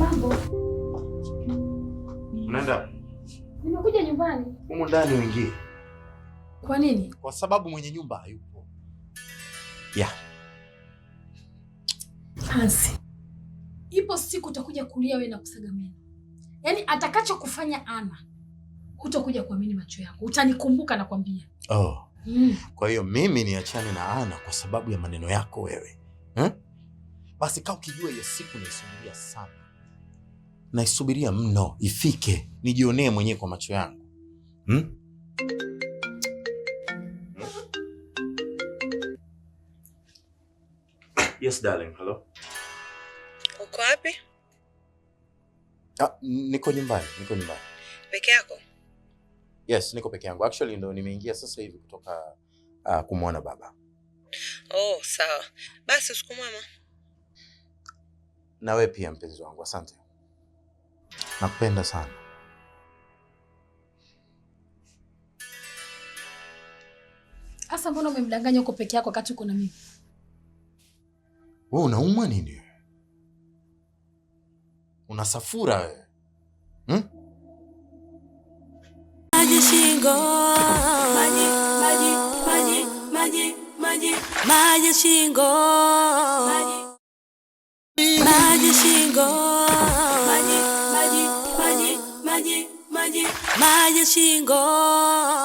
Mambo. Unaenda? Nimekuja nyumbani. Humu ndani uingie. Kwa nini? Kwa sababu mwenye nyumba hayupo. Ya. Hansi. Ipo siku utakuja kulia wewe na kusaga meno. Yaani atakachokufanya Ana hutakuja kuamini macho yako. Utanikumbuka nakwambia. Oh. Mm. Kwa hiyo mimi niachane na Ana kwa sababu ya maneno yako wewe. Hmm? Basi kaa ukijua hiyo siku naisubiria sana naisubiria mno ifike, nijionee mwenyewe kwa macho yangu hmm? Yes, darling. Hello. Uko wapi? Ah, niko nyumbani, niko nyumbani. Peke yako? Yes, niko peke yangu. Actually ndo nimeingia sasa hivi kutoka uh, kumwona baba. Oh, sawa. Basi usiku mwema. Na wewe pia mpenzi wangu. Asante. Nakupenda sana. Asa, mbona umemdanganya uko peke yako wakati uko na mimi? Wewe unaumwa nini? Unasafura wewe. Hmm? Maji shingo. Maji, maji, maji, maji, maji. Maji shingo. Maji. Maji shingo maji maji maji shingo